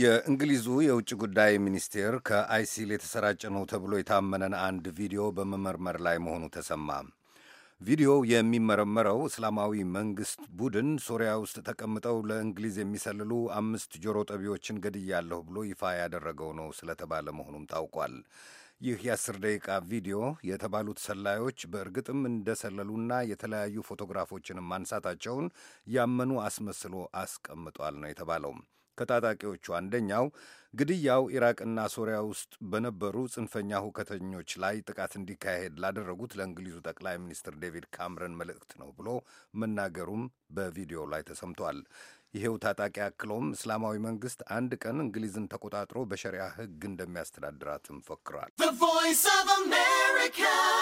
የእንግሊዙ የውጭ ጉዳይ ሚኒስቴር ከአይሲል የተሰራጨ ነው ተብሎ የታመነን አንድ ቪዲዮ በመመርመር ላይ መሆኑ ተሰማ። ቪዲዮው የሚመረመረው እስላማዊ መንግሥት ቡድን ሶሪያ ውስጥ ተቀምጠው ለእንግሊዝ የሚሰልሉ አምስት ጆሮ ጠቢዎችን ገድያለሁ ብሎ ይፋ ያደረገው ነው ስለተባለ መሆኑም ታውቋል። ይህ የአስር ደቂቃ ቪዲዮ የተባሉት ሰላዮች በእርግጥም እንደሰለሉና የተለያዩ ፎቶግራፎችንም ማንሳታቸውን ያመኑ አስመስሎ አስቀምጧል ነው የተባለው። ከታጣቂዎቹ አንደኛው ግድያው ኢራቅና ሶሪያ ውስጥ በነበሩ ጽንፈኛ ሁከተኞች ላይ ጥቃት እንዲካሄድ ላደረጉት ለእንግሊዙ ጠቅላይ ሚኒስትር ዴቪድ ካምረን መልእክት ነው ብሎ መናገሩም በቪዲዮው ላይ ተሰምቷል። ይሄው ታጣቂ አክሎም እስላማዊ መንግስት አንድ ቀን እንግሊዝን ተቆጣጥሮ በሸሪያ ህግ እንደሚያስተዳድራትም ፎክሯል። ቮይስ ኦፍ አሜሪካ